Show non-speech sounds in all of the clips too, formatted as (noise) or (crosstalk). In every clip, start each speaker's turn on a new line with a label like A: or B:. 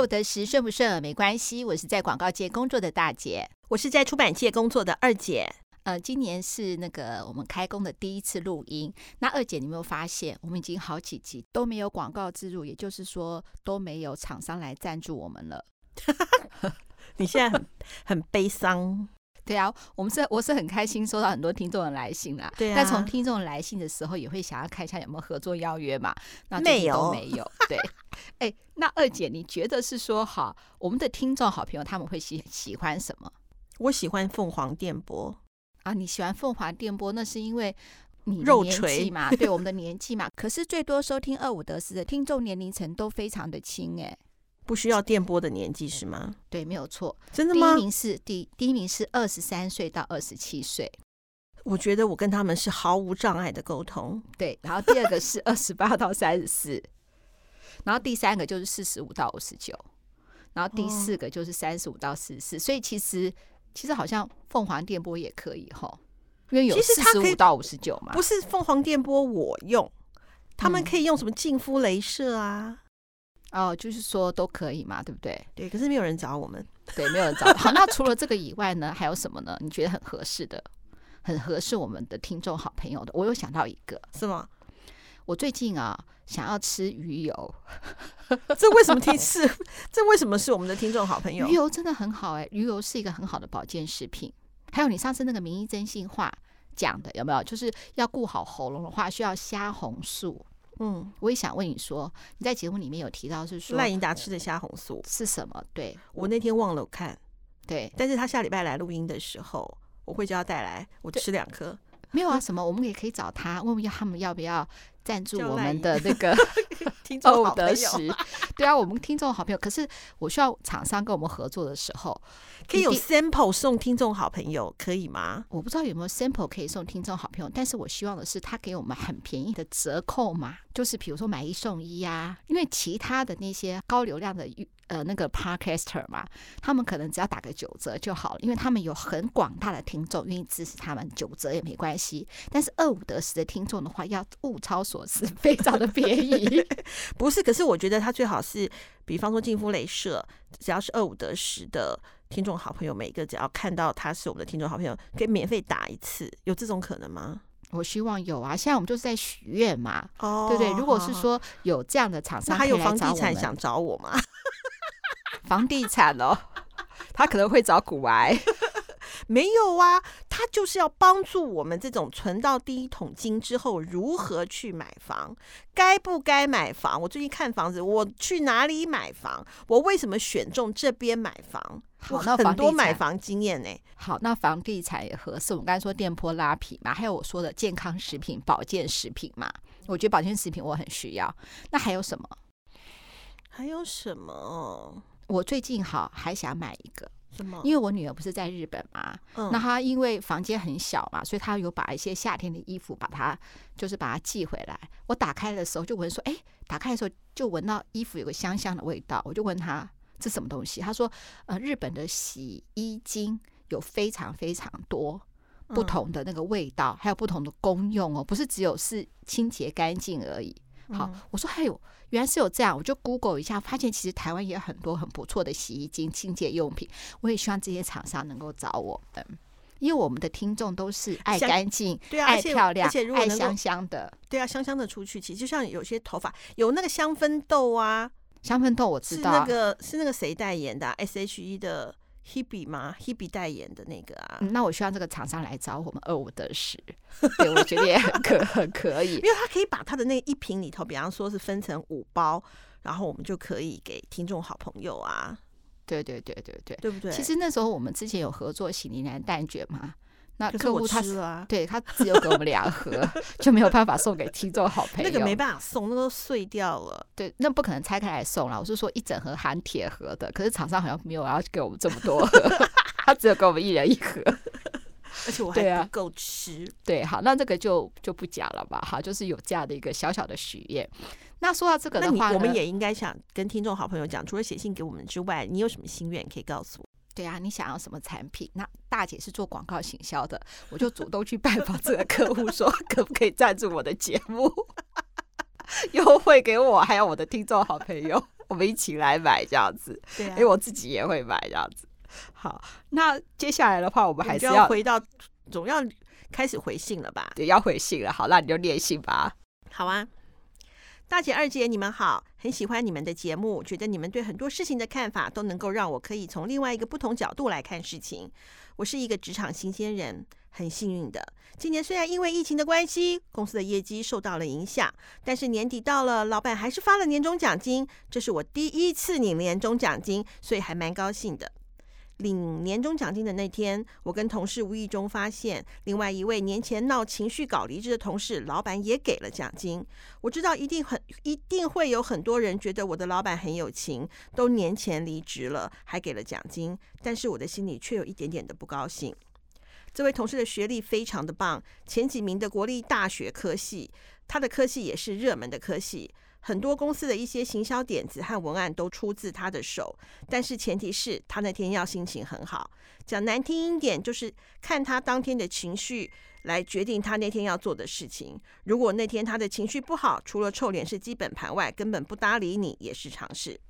A: 有得失順不順沒關係。我是在廣告界工作的大姐，我是在出版界工作的二姐。呃，今年是那個我們開工的第一次錄音。那二姐，你有沒有發現我們已經好幾集都沒有廣告置入，也就是說都沒有廠商來贊助我們了？
B: (laughs) 你現在很， (laughs) 很悲
A: 傷。對啊，我們是我是很開心收到很多聽眾的來信啦。對啊。但從聽眾來信的時候，也會想要看一下有沒有合作邀約嘛。那沒有，沒有。 (laughs) 對。哎，那二姐，你覺得是說，好，我們的聽眾好朋友他們會喜喜歡什麼？我喜歡鳳凰電波。啊，你喜歡鳳凰電波，那是因為你年紀嘛，肉錘 (laughs) 對我們的年紀嘛。可是最多收聽二五得四的聽眾年齡層都非常的輕，哎。
B: 不需要電波的年紀是嗎？對，沒有錯，真的嗎？第第第一名
A: 是第第一名是二十三歲到二十七歲，我覺得我跟他們是毫無障礙的溝通。對，然後第二個是二十八到三十四，然後第三個就是四十五到五十九，然後第四個就是三十五到四十四。所以其實其實好像鳳凰電波也可以吼，因為有四十五到五十九嘛，不是
B: 鳳凰電波我用，他們可以用什麼近膚鐳射啊？嗯哦，就是說都可以嘛，對不對？對，可是沒有人找我們，
A: 對，沒有人找。好，那除了這個以外呢， (laughs) 還有什麼呢？你覺得很合適的，很合適我們的聽眾好朋友的，我有想到一個，是嗎？我最近啊，想要吃魚油。 (laughs) 這為什麼提示 (laughs) 這為什麼是我們的聽眾好朋友？魚油真的很好誒、欸。魚油是一個很好的保健食品。還有你上次那個名醫真心話講的有沒有？就是要顧好喉嚨的話，需要蝦紅素。嗯，我也想問你說，你在節目裡面有提到是
B: 說賴英達吃的蝦紅素、嗯、是什麼？對，我那天忘了看，對，但是他下禮拜來錄音的時候，我會叫他帶來，我吃兩顆。沒有啊，什麼？啊、我們也可以找他
A: 問問他們要不要贊助我們的那個賴。 (laughs)
B: 聽眾好
A: 朋友，哦、對啊，我們聽眾好朋友。 (laughs) 可是我需要廠商跟我們合作的時候，可以有 sample 送聽眾好朋友，可以嗎？我不知道有沒有 sample 可以送聽眾好朋友，但是我希望的是他給我們很便宜的折扣嘛，就是譬如說買一送一啊，因為其他的那些高流量的。呃，那個 Podcaster 嘛，他們可能只要打個九折就好了，因為他們有很廣大的聽眾願意支持他們，九折也沒關係。但是二五得十的聽眾的話，要物超所值，非常的便
B: 宜。 (laughs) 不是，可是我覺得他最好是，比方說淨膚雷射，只要是二五得十的聽眾好朋友，每個只要看到他是我們的聽眾好朋友，可以免費打一次，有這種可能嗎？
A: 我希望有啊，現在我們就是在許願嘛，哦、對不對，對？如果是說有這樣的廠商，哦哦、還有房地產想
B: 找我嗎？ (laughs) 房地產哦， (laughs) 他可能會找股癌。 (laughs) 沒有啊，他就是要幫助我們這種存到第一桶金之後，如何去買房，該不該買房？我最近看房子，我去哪裡買房？我為什麼選中這邊買房？好，哇那很多買房經
A: 驗呢。好，那房地產也合適。我們剛才說電波拉皮嘛，還有我說的健康食品、保健食品嘛。我覺得保健食品我很需要。那還有什麼？還有什麼？我最近好還想買一個，什麼？因為我女兒不是在日本嘛。嗯、那她因為房間很小嘛，所以她有把一些夏天的衣服把它就是把它寄回來。我打開的時候就聞說，誒、欸，打開的時候就聞到衣服有個香香的味道。我就問她這什麼東西，她說呃，日本的洗衣巾有非常非常多不同的那個味道，嗯、還有不同的功用哦，不是只有是清潔乾淨而已。好，嗯、我說還有。原來是有這樣，我就 Google 一下，發現其實台灣也有很多很不錯的洗衣精、清潔用品。我也希望這些廠商能夠
B: 找我們。嗯，
A: 因為我們的聽眾都是愛乾淨、對啊，愛漂亮、愛香
B: 香的。對啊，香香的出去，其實就像有些頭髮有那個香氛豆啊，
A: 香氛豆我知道，那個
B: 是那個誰代言的啊？SHE 的。Hebe 嗎？Hebe 代言的那個啊，嗯，那我希望這個廠商來找我們二五得十， (laughs) 對，我覺得也很可 (laughs) 很可以，因為他可以把他的那個一瓶裡頭，比方說是分成五包，然後我們就可以給聽眾好朋友啊，對對對對對，對不對？其實
A: 那時候我們之前有合作喜力男蛋捲嘛。那客戶是吃了、啊，對，他只有給我們兩盒， (laughs) 就沒有辦法送給聽眾好朋友。那個沒辦
B: 法送，那都碎掉了。對，
A: 那不可能拆開來送了。我是說一整盒含鐵盒的，可是廠商好像沒有要給我們這麼多盒， (laughs) (laughs) 他只有給我們一人一盒。而
B: 且我還不夠吃。
A: 對、啊，好，那這個就就不講
B: 了吧。哈，就是有這樣的一個小小的許願。
A: 那說到這個的話，我們也
B: 應該想跟聽眾好朋友講，除了寫信給我們之外，你有什麼心願可以告訴我？
A: 對呀、啊，你想要什麼產品？那大姐是做廣告行銷的，我就主動去拜訪這個客戶，說可不可以贊
B: 助我的節目，優 (laughs) 惠給我，還有我的聽眾好朋友，我們一起來買這樣子。對啊、欸，我自己也會買這樣子。好，那接下來的話，我們還是要，要回到總要開始回信了吧？對，要回信了。好，那你就念信吧。好啊。大姐二姐，你們好，很喜歡你們的節目，覺得你們對很多事情的看法都能夠讓我可以從另外一個不同角度來看事情。我是一個職場新鮮人，很幸運的，今年雖然因為疫情的關係，公司的業績受到了影響，但是年底到了，老闆還是發了年終獎金，這是我第一次領年終獎金，所以還蠻高興的。領年終獎金的那天，我跟同事無意中發現，另外一位年前鬧情緒搞離職的同事，老板也給了獎金。我知道一定很一定會有很多人覺得我的老板很有情，都年前離職了還給了獎金，但是我的心裡卻有一點點的不高興。這位同事的學歷非常的棒，前幾名的國立大學科系，他的科系也是熱門的科系。很多公司的一些行銷點子和文案都出自他的手，但是前提是他那天要心情很好。講難聽一點，就是看他當天的情緒來決定他那天要做的事情。如果那天他的情緒不好，除了臭臉是基本盤外，根本不搭理你也是常事。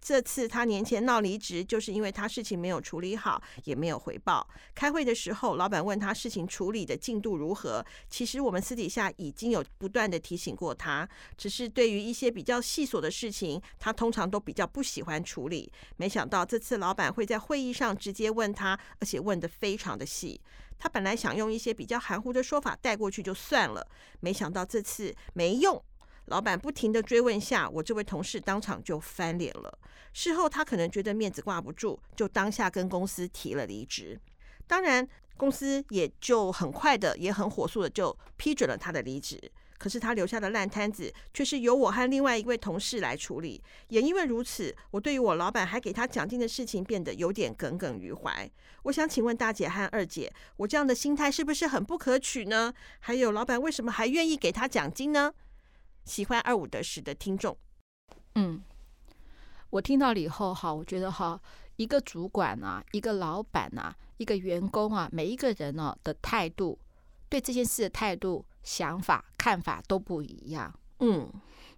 B: 這次他年前鬧離職，就是因為他事情沒有處理好，也沒有回報。開會的時候，老闆問他事情處理的進度如何，其實我們私底下已經有不斷地提醒過他，只是對於一些比較細瑣的事情，他通常都比較不喜歡處理。沒想到這次老闆會在會議上直接問他，而且問得非常的細。他本來想用一些比較含糊的說法帶過去就算了，沒想到這次沒用。老闆不停地追問下，我這位同事當場就翻臉了。事後他可能覺得面子掛不住，就當下跟公司提了離職。當然，公司也就很快的、也很火速的就批准了他的離職。可是他留下的爛攤子卻是由我和另外一位同事來處理。也因為如此，我對於我老闆還給他獎金的事情變得有點耿耿於懷。我想請問大姐和二姐，我這樣的心態是不是很不可取呢？還有，老闆為什麼還願意給他獎金呢？喜歡二五得十的聽眾，嗯，
A: 我聽到了以後哈，我覺得哈，一個主管吶、啊，一個老板吶、啊，一個員工啊，每一個人呢、啊、的態度，對這件事的態度、想法、看法都不一樣，嗯，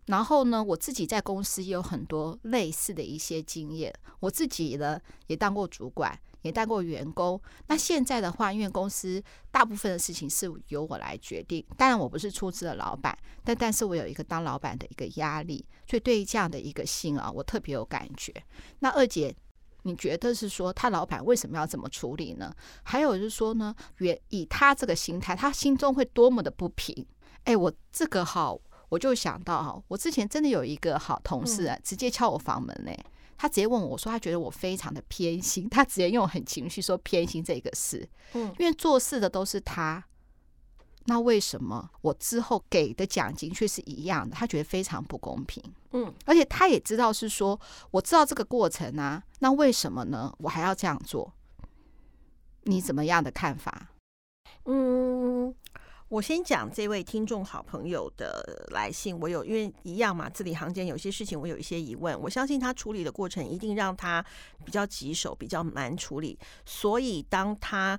A: 然後呢，我自己在公司也有很多類似的一些經驗，我自己呢也當過主管。也帶過員工，那現在的話，因為公司大部分的事情是由我來決定，當然我不是出資的老闆，但但是我有一個當老闆的一個壓力，所以對於這樣的一個心啊，我特別有感覺。那二姐，你覺得是說他老闆為什麼要怎麼處理呢？還有就是說呢，原以他這個心態，他心中會多麼的不平。哎，我這個哈，我就想到哈，我之前真的有一個好同事啊，直接敲我房門呢、欸。嗯他直接問我說：“他覺得我非常的偏心。”他直接用很情緒說偏心這個事，嗯，因為做事的都是他，那為什麼我之後給的獎金卻是一樣的？他覺得非常不公平，嗯，而且他也知道是說我知道這個過程啊，那為什麼呢？我還要這樣做？你怎麼樣的看法？
B: 嗯。我先講這位聽眾好朋友的來信，我有因為一樣嘛，字裡行間有些事情我有一些疑問。我相信他處理的過程一定讓他比較棘手，比較難處理。所以當他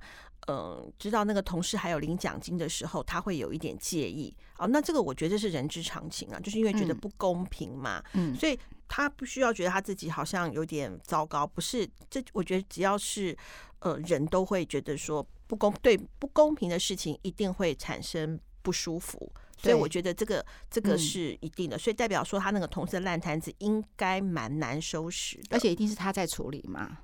B: 嗯、呃、知道那個同事還有領獎金的時候，他會有一點介意。哦，那這個我覺得是人之常情啊，就是因為覺得不公平嘛。嗯，嗯，所以他不需要覺得他自己好像有點糟糕，不是？這我覺得只要是。呃，人都會覺得說不公對不公平的事情一定會產生不舒服，對所以我覺得這個這個是一定的，嗯、所以代表說他那個同事的爛攤子應該蠻難收拾的，而且一定是他在處理嘛，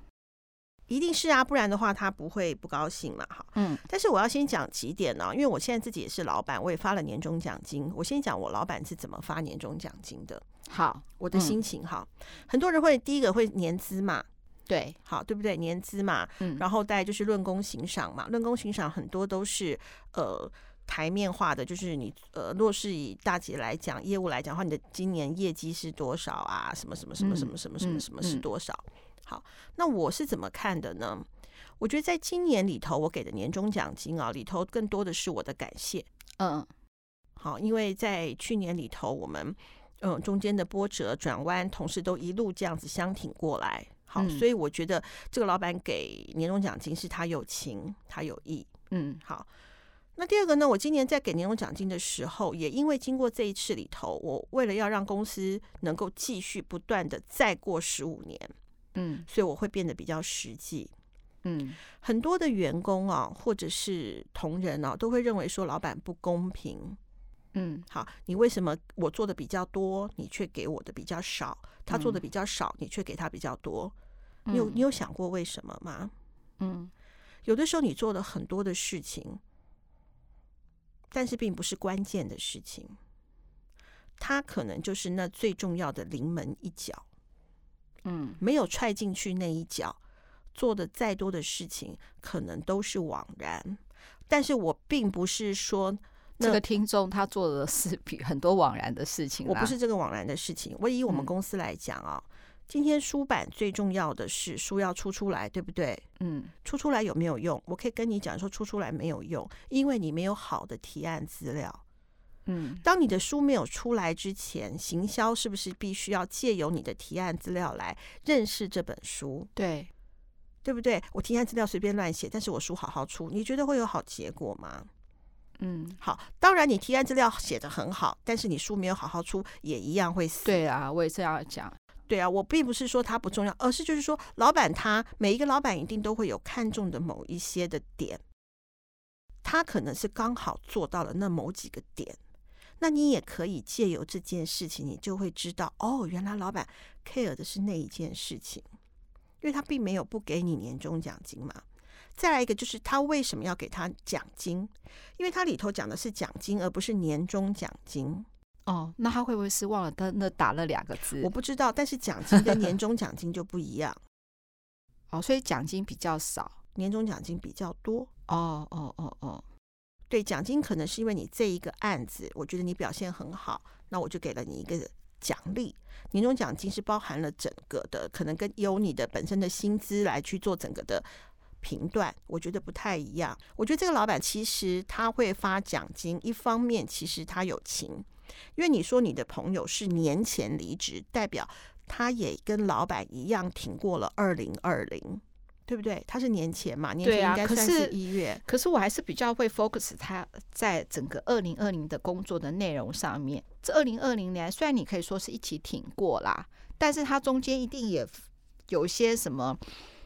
B: 一定是啊，不然的話他不會不高興嘛，哈，嗯，但是我要先講幾點呢、啊，因為我現在自己也是老板，我也發了年終獎金，我先講我老板是怎麼發年終獎金的，好，我的心情、嗯、好，很多人會第一個會年資嘛。對，好，對不對？年資嘛，嗯、然後再就是論功行賞嘛，論功行賞很多都是呃檯面化的，就是你呃，若是以大姐來講業務來講的話，你的今年業績是多少啊？什麼什麼什麼什麼什麼什麼什麼，什麼是多少？嗯嗯嗯、好，那我是怎麼看的呢？我覺得在今年裡頭，我給的年終獎金啊、哦，裡頭更多的是我的感謝。嗯，好，因為在去年裡頭，我們嗯、呃、中間的波折轉彎，同事都一路這樣子相挺過來。好，嗯、所以我覺得這個老闆給年終獎金是他有情，他有義。嗯，好。那第二個呢？我今年在給年終獎金的時候，也因為經過這一次裡頭，我為了要讓公司能夠繼續不斷的再過十五年，嗯，所以我會變得比較實際。嗯，很多的員工啊，或者是同仁啊，都會認為說老闆不公平。嗯，好，你為什麼我做的比較多，你卻給我的比較少？他做的比較少，你卻給他比較多，嗯、你有你有想過為什麼嗎？嗯，有的時候你做的很多的事情，但是並不是關鍵的事情，他可能就是那最重要的臨門一腳。嗯，沒有踹進去那一腳，做的再多的事情可能都是枉然。但是我並不是說。那，這個聽眾他做的是比很多枉然的事情。我不是這個枉然的事情。我以我們公司來講啊，哦，嗯，今天出版最重要的是書要出出來，對不對？嗯。出出來有沒有用？我可以跟你講，說出出來沒有用，因為你沒有好的提案資料。嗯。當你的書沒有出來之前，行銷是不是必須要借由你的提案資料來認識這本書？對。對不對？我提案資料隨便亂寫，但是我書好好出，你覺得會有好結果嗎？嗯，好。當然，你提案資料寫得很好，但是你書沒有好好出，也一樣會死。對啊，我也這樣講。對啊，我並不是說它不重要，而是就是說老，老闆他每一個老闆一定都會有看重的某一些的點，他可能是剛好做到了那某幾個點，那你也可以借由這件事情，你就會知道，哦，原來老闆 care 的是那一件事情，因為他並沒有不給你年終獎金嘛。再來一個，就是他為什麼要給他獎金？因為他裡頭講的是獎金，而不是年終獎金。哦，那他會不會是忘了？他那打了兩個字，我不知道。但是獎金跟年終獎金就不一樣。 (laughs) 哦，所以獎金比較少，年終獎金比較多。哦哦哦哦，哦哦哦對，獎金可能是因為你這一個案子，我覺得你表現很好，那我就給了你一個獎勵。年終獎金是包含了整個的，可能跟由你的本身的薪資來去做整個的。評斷我覺得不太一樣。我覺得這個老板其實他會發獎金，一方面其實他有情，因為你說你的朋友是年前離職，代表他也跟老板一樣挺過了二零二零，對不對？他是年前嘛，年前應該算是一
A: 月。啊，可是，可是我還是比較會 focus 他在整個二零二零的工作的內容上面。這二零二零年雖然你可以說是一起挺過啦，但是他中間一定也有些什麼，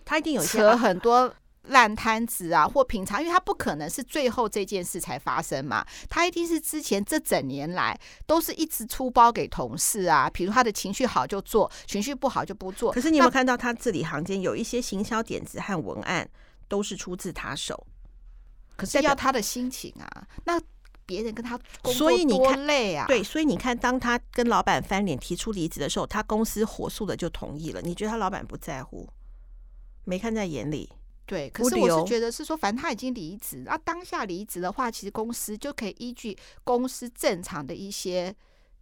A: 他一定有些。很多。爛攤子啊，或平常，因為他不可能是最後這件事才發生嘛，他一定是之前這整年來都是一直出包給同事啊。比如他的情緒好就做，情緒不好就不做。可是你有沒有看
B: 到他字裡行間有一些行銷點子和文案都是出自他手？可是要他的心情啊，
A: 那別人跟他工作多累啊？對，
B: 所以你看，當他跟老闆翻臉提出離職的時候，他公司火速的就同意了。你覺得他老闆不在乎？沒看在眼裡。對，可是我是覺
A: 得是說，反正他已經離職，那、啊、當下離職的話，其實公司就可以依據公司正常的一些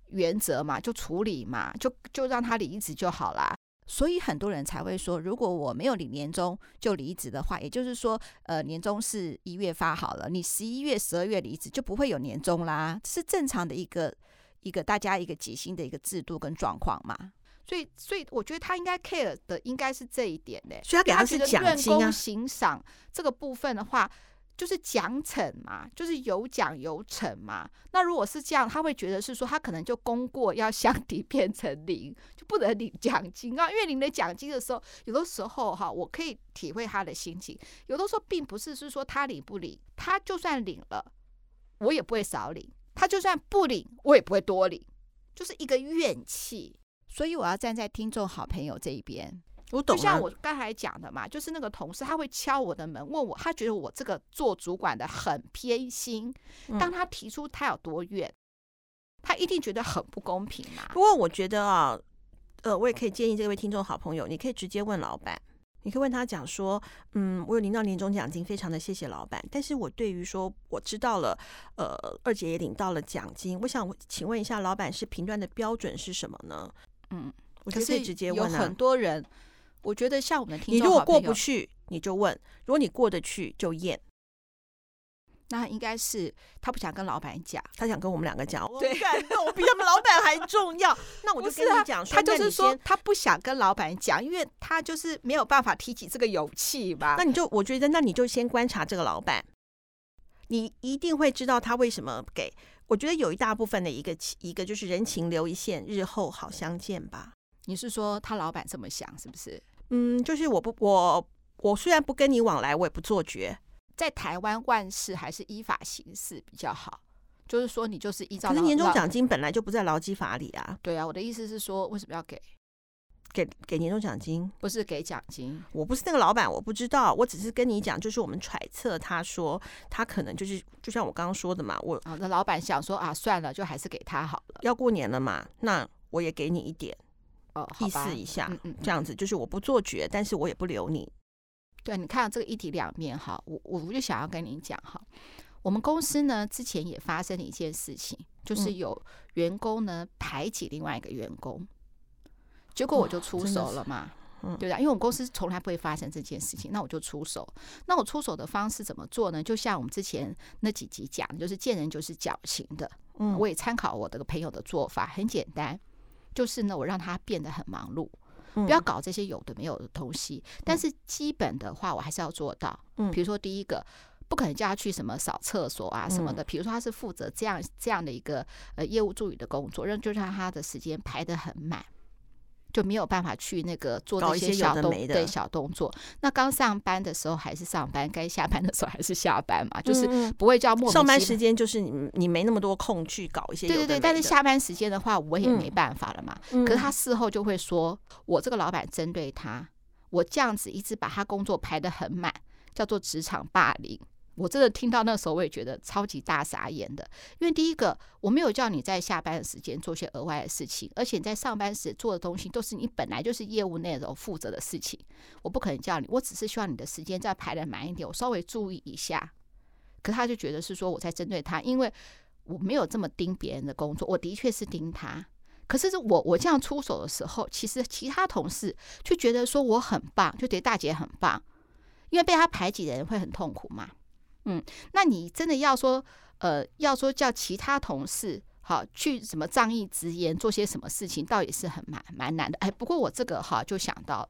A: 原則嘛，就處理嘛，就就讓他離職就好啦。所以很多人才會說，如果我沒有領年終就離職的話，也就是說，呃，年終是一月發好了，你十一月、十二月離職就不會有年終啦，這是正常的一個一個大家一個結薪的一個制度跟狀況嘛。所以，所以我覺得他應該 care 的應該是這一點嘞、欸。所以他給他是獎金啊，因為他覺得論功行賞，這個部分的話，就是獎懲嘛，就是有獎有懲嘛。那如果是這樣，他會覺得是說，他可能就功過要相抵變成零，就不能領獎金啊。因為領了獎金的時候，有的時候哈、哦，我可以體會他的心情。有的時候並不是是說他領不領，他就算領了，我也不會少領；他就算不領，我也不會多領。就是一個怨氣。所以我要站在聽眾好朋友這一邊，我懂。就像我剛才講的嘛，就是那個同事他會敲我的門問我，他覺得我這個做主管的很偏心。當他提出他有多怨，嗯、
B: 他一定覺得很不公平嘛。不過我覺得啊，呃，我也可以建議這位聽眾好朋友，你可以直接問老闆，你可以問他講說，嗯，我有領到年終獎金，非常的謝謝老闆。但是我對於說我知道了，呃，二姐也領到了獎金，我想請問一下，老闆是評斷的標準是什麼呢？嗯，我覺得是有很
A: 多人。我覺得像我們聽眾，你如果過不去，
B: 你就問；如果你過得去，就驗。那應該是他不想跟老板講，他想跟我們兩個講。
A: 對，那 (laughs) 我比他
B: 們老板還重要。那我就跟他講，啊、他就是說
A: 他不想跟老
B: 板講，因為他就是沒有辦法提起這個勇氣吧。那你就，我覺得那你就先觀察這個老板，你一定會知道他為什麼給。我覺得有一大部分的一個一個就是人情留一線，日後好相見吧。你是說他老板這麼想是不是？嗯，就是我不我我雖然不跟你往來，我也不做絕。
A: 在台灣，萬事還是依法行事比較好。就是說，你就是依照。可是年終獎金
B: 本來就不在勞基法裡啊。對啊，我的意思是說，為什麼要給？給給年終獎金？不是給獎金，我不是那個老闆，我不知道，我只是跟你講，就是我們揣測，他說他可能就是，就像我剛剛說的嘛，我、哦、那老闆想說啊，算了，就還是給他好了。要過年了嘛，那我也給你一點，哦，好吧，意思一下，嗯嗯嗯，這樣子就是我不做絕，但是我也不留你。對，你看這個一體兩面哈，我
A: 我我就想要跟你講哈，我們公司呢之前也發生了一件事情，就是有員工呢排擠另外一個員工。嗯
B: 結果我就出手了
A: 嘛，嗯、對不對？因為我們公司從來不會發生這件事情，那我就出手。那我出手的方式怎麼做呢？就像我們之前那幾集講的，就是見人就是矯情的。嗯、我也參考我的朋友的做法，很簡單，就是呢，我讓他變得很忙碌，不要搞這些有的沒有的東西。嗯、但是基本的話，我還是要做到。嗯，比如說第一個，不可能叫他去什麼掃廁所啊什麼的。嗯、比如說他是負責這樣這樣的一個呃業務助理的工作，讓就是讓他的時間排得很滿。就沒有辦法去那個做一些小動小動作，有的沒的。那剛上班的時候還是上班，該下班的時候還是下班嘛，嗯、就是不會叫上班時間就是你你沒那麼多空去搞一些有的沒的。對對對，但是下班時間的話，我也沒辦法了嘛。嗯、可是他事後就會說，我這個老闆針對他，我這樣子一直把他工作排得很滿，叫做職場霸凌。我真的聽到那時候，我也覺得超級大傻眼的。因為第一個，我沒有叫你在下班的時間做些額外的事情，而且你在上班時做的東西都是你本來就是業務內容負責的事情。我不可能叫你，我只是希望你的時間再排得滿一點，我稍微注意一下。可他就覺得是說我在針對他，因為我沒有這麼盯別人的工作，我的確是盯他。可是我我這樣出手的時候，其實其他同事就覺得說我很棒，就對大姐很棒，因為被他排擠的人會很痛苦嘛。嗯，那你真的要說，呃，要說叫其他同事好去什麼仗義執言，做些什麼事情，倒也是很蠻蠻難的。哎，不過我這個哈就想到了，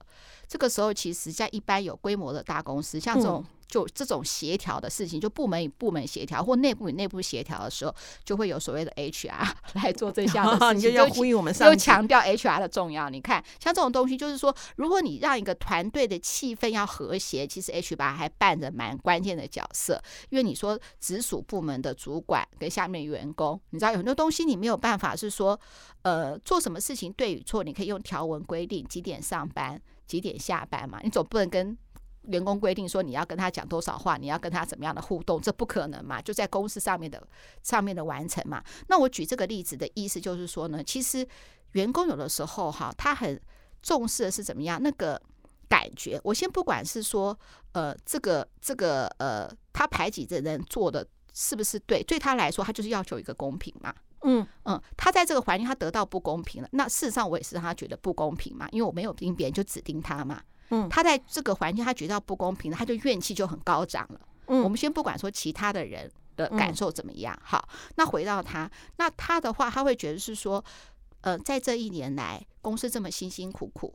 A: 這個時候其實在一般有規模的大公司，像這種。就這種協調的事情，就部門與部門協調或內部與內部協調的時候，就會有所謂的 HR 來做這項事情，又、哦、要呼應我們上，又強調 HR 的重要。你看，像這種東西，就是說，如果你讓一個團隊的氣氛，要和諧，其實 HR 還扮演著蠻關鍵的角色。因為你說直屬部門的主管跟下面員工，你知道有很多東西你沒有辦法是說，呃，做什麼事情對與錯，你可以用條文規定幾點上班、幾點下班嘛。你總不能跟。員工規定說，你要跟他講多少話，你要跟他怎麼樣的互動，這不可能嘛。就在公司上面的上面的完成嘛。那我舉這個例子的意思就是說呢，其實員工有的時候哈、啊，他很重視的是怎麼樣那個感覺。我先不管是說呃，這個這個呃，他排擠的人做的是不是對？對他來說，他就是要求一個公平嘛。嗯嗯，他在這個環境他得到不公平了。那事實上我也是，讓他覺得不公平嘛，因為我沒有聽別人就指定他嘛。嗯、他在這個環境，他覺得不公平，他就怨氣就很高漲了。嗯、我們先不管說其他的人的感受怎麼樣，嗯、好，那回到他，那他的話，他會覺得是說，呃，在這一年來，公司這麼辛辛苦苦，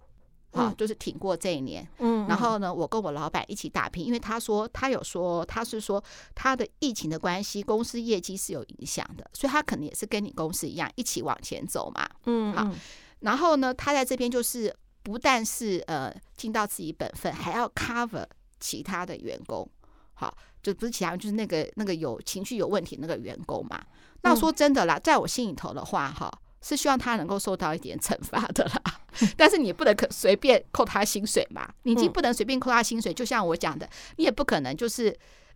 A: 好，嗯、就是挺過這一年。嗯、然後呢，我跟我老闆一起打拼，因為他說他有說他是說他的疫情的關係，公司業績是有影響的，所以他可能也是跟你公司一樣一起往前走嘛。嗯，好，然後呢，他在這邊就是。不但是呃，盡到自己本分，還要 cover 其他的員工，好，就不是其他，就是那個那個有情緒有問題的那個員工嘛。那說真的啦，嗯、在我心裡頭的話，哈，是希望他能夠受到一點懲罰的啦。但是你不能可隨便扣他薪水嘛，你已經不能隨便扣他薪水，嗯、就像我講的，你也不可能就是。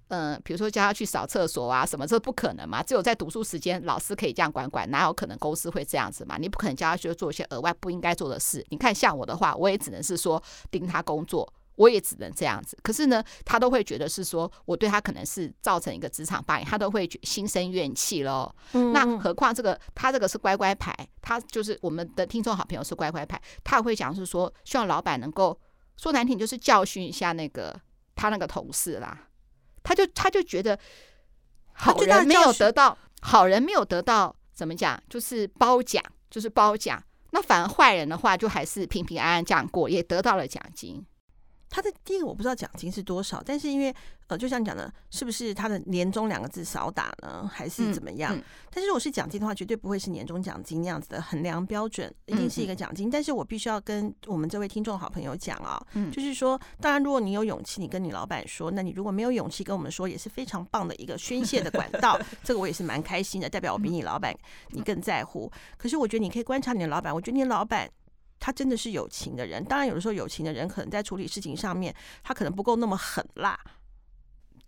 A: 嗯，比如說叫他去掃廁所啊，什麼這不可能嘛，只有在讀書時間，老師可以這樣管管，哪有可能公司會這樣子嘛。你不可能叫他去做一些額外不應該做的事。你看像我的話，我也只能是說盯他工作，我也只能這樣子。可是呢，他都會覺得是說我對他可能是造成一個職場霸凌，他都會心生怨氣嘍。嗯、那何況這個他這個是乖乖牌，他就是我們的聽眾好朋友是乖乖牌，他也會講是說希望老闆能夠說難聽就是教訓一下那個他那個同事啦。他就他就覺得好人沒有得到，好人沒有得到怎麼講？就是褒獎，就是褒獎。那反而壞人的話，就還是平平安安這樣過，
B: 也得到了獎金。他的第一個我不知道獎金是多少，但是因為呃，就像你講的，是不是他的年終兩個字少打呢，還是怎麼樣？嗯嗯、但是如果是獎金的話，絕對不會是年終獎金那樣子的衡量標準，一定是一個獎金。嗯、哼但是我必須要跟我們這位聽眾好朋友講啊、哦，嗯、就是說，當然如果你有勇氣，你跟你老闆說，那你如果沒有勇氣跟我們說，也是非常棒的一個宣洩的管道。 (laughs) 這個我也是蠻開心的，代表我比你老闆你更在乎。嗯、可是我覺得你可以觀察你的老闆，我覺得你的老闆。他真的是有情的人，當然有的時候有情的人可能在處理事情上面，他可能不夠那麼狠辣。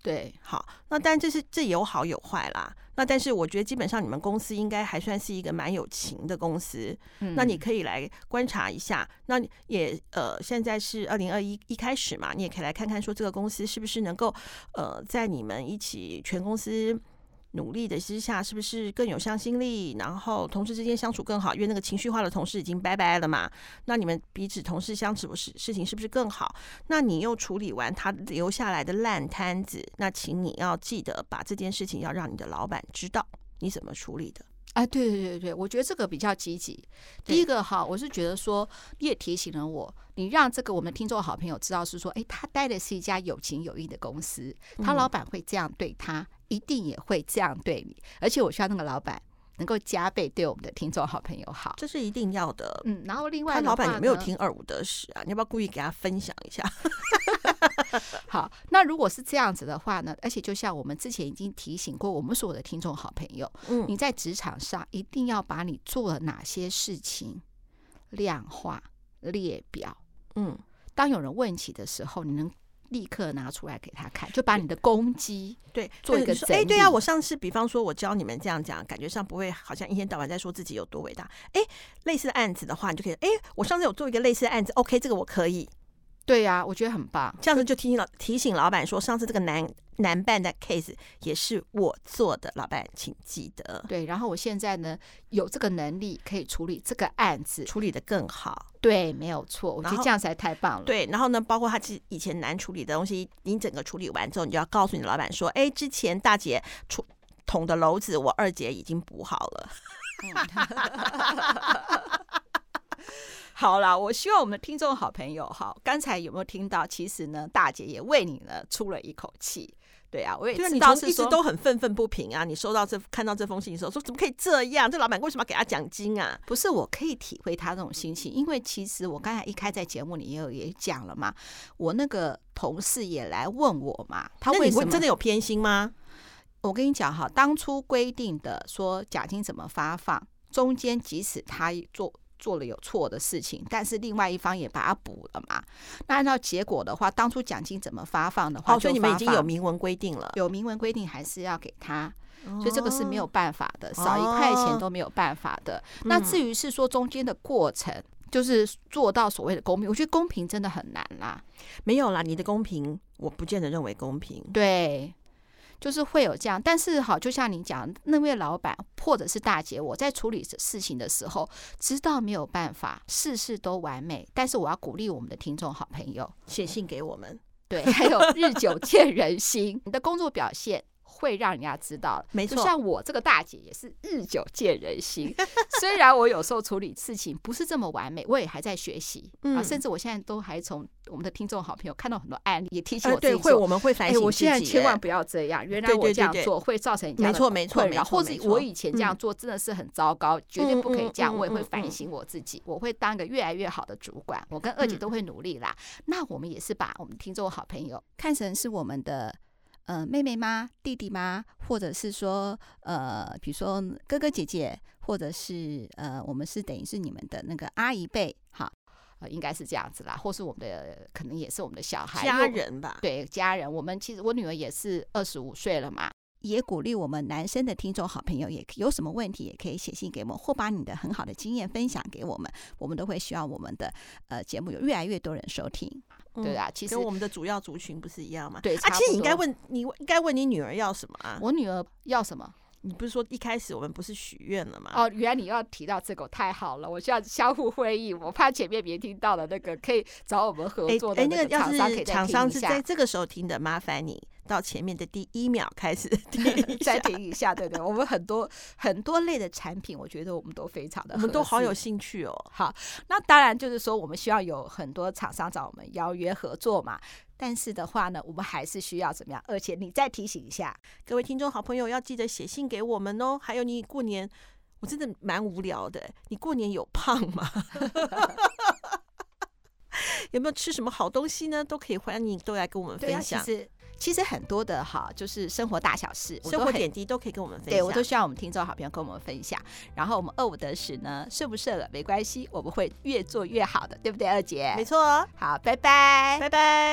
B: 對，好，那但這是這有好有壞啦。那但是我覺得基本上你們公司應該還算是一個蠻有情的公司。嗯、那你可以來觀察一下，那也呃現在是二零二一一開始嘛，你也可以來看看說這個公司是不是能夠呃在你們一起全公司。努力的之下，是不是更有向心力？然後同事之間相處更好，因為那個情緒化的同事已經拜拜了嘛。那你們彼此同事相處，不是事情是不是更好？那你又處理完他留下來的爛攤子，那請你要記得把這件事情要讓你的老闆知道你怎麼處理的。哎、啊，對
A: 對對對，我覺得這個比較積極。第一個哈，對我是覺得說，你也提醒了我。你讓這個我們聽眾好朋友知道是說，哎，他待的是一家有情有義的公司，他老闆會這樣對他，一定也會這樣對你，而且我希望那個老闆能夠加倍對我們的聽眾好朋友好，這是一定要的。嗯，然後另外他老闆有沒有聽二五得十啊？你要不要故意給他分享一下？ (laughs) (laughs) 好，那如果是這樣子的話呢，而且就像我們之前已經提醒過，我們所有的聽眾好朋友，嗯，你在職場上一定要把你做了哪些事情量化列表。
B: 嗯，當有人問起的時候，你能立刻拿出來給他看，就把你的攻擊對做一個證明。哎、就是欸，對啊，我上次比方說我教你們這樣講，感覺上不會好像一天到晚在說自己有多偉大。哎、欸，類似的案子的話，你就可以，哎、欸，我上次有做一個類似的案子，OK，這個我可以。對呀、啊，我覺得很棒。這樣子就提醒老提醒老闆說，上次這個難難、嗯、辦的 case 也是我做的，老闆請記得。對，然後我現在呢
A: 有這個能力可以處理這個案子，處理得更好。對，沒有錯，我覺得這樣才
B: 太棒了。對，然後呢，包括他其實以前難處理的東西，你整個處理完之後，你就要告訴你的老闆說，哎，之前大姐處捅的簍子，我二姐已經補好了。嗯 (laughs) (laughs) 好啦，我希望我們的聽眾好朋友哈，剛才有沒有聽到？其實呢，大姐也為你呢出了一口氣。
A: 對啊，我也知道,知道你一直都很
B: 憤憤不平啊。你收到這看到這封信的時候，說怎麼可以這樣？這老板為什麼要給他獎金啊？不是，我可以體會他這種心情，因為其實我剛才一開始在節目
A: 裡也有也講了嘛。我那個同事也來問我嘛，他為什麼真的有偏心嗎？我跟你講哈，當初規定的說獎金怎麼發放，中間即使他做。做了有錯的事情，但是另外一方也把它補了嘛。那按照結果的話，當初獎金怎麼發放的話，哦，就你們已經有明文規定了，有明文規定還是要給他，哦，所以這個是沒有辦法的，少一塊錢都沒有辦法的。哦，那至於是說中間的過程，就是做到所謂的公平，我覺得公平真的很難啦，啊。沒有啦，你的公平，我不見得認為公平。對。就是會有這樣，但是好，就像你講那位老闆或者是大姐，我在處理事情的時候，知道沒有辦法事事都完美，但是我要鼓勵我們的聽眾好朋友寫信給我們，對，還有日久見人心， (laughs) 你的工作表現。會讓人家知道，沒錯。就像我這個大姐也是日久見人心，雖然我有時候處理事情不是這麼完美，我也還在學習。嗯，甚至我現在都還從我們的聽眾好朋友看到很多案例，也提醒我自己。對，我們會反省自己。我現在千萬不要這樣。原來我這樣做會造成，沒錯沒錯沒錯。或者我以前這樣做真的是很糟糕，絕對不可以這樣。我也會反省我自己，我會當一個越來越好的主管。我跟二姐都會努力啦。那我們也是把我們聽眾好朋友看成是我們的。呃，妹妹嗎？弟弟嗎？或者是說，呃，比如說哥哥姐姐，或者是，呃，我們是等於是你們的那個阿姨輩，哈、呃，應該是這樣子啦，或是我們的可能也是我們的小孩，家人吧？對，家人。我們其實我女兒也是二十五歲了嘛。也鼓勵我們男生的聽眾好朋友，也有什麼問題也可以寫信給我們，或把你的很好的經驗分享給我們。我們都會希望我們的呃節目有越來越多人收聽。對啊、嗯，其實我們的
B: 主要族群不是一樣嗎？對啊，其實你應該問你應該問你女兒要什麼啊？我女兒要什麼？你不是說一開始我們不是許願了嗎？哦，
A: 原來你要提到這個，太好了！我需要相互會議，我怕前面別聽到了，那個可以找我們合作的、那個哎。哎，那個要是廠商是在這
B: 個時候聽的，麻煩你。到前面的第一秒開始
A: 暫 (laughs) 停一下， (laughs) 對不對？我們很多 (laughs) 很多類的產品，我覺得我們都非常的，我們都好有興趣哦。好，那當然就是說，我們需要有很多廠商找我們邀約合作嘛。但是的話呢，我們還是需要怎麼樣？而且你再提
B: 醒一下各位聽眾好朋友，要記得寫信給我們哦。還有，你過年我真的蠻無聊的。你過年有胖嗎？ (laughs) (laughs) (laughs) 有沒有吃什麼好東西呢？都可以你，歡迎都來跟我們分享。其實很多的哈，
A: 就是生活大小事、生活點滴都可以跟我們分享。對，我都希望我們聽眾好朋友跟我們分享。然後我們二五得十呢，設不設了沒關係，我們會越做越好的，對不對，二姐？沒錯、哦。好，拜拜，拜拜。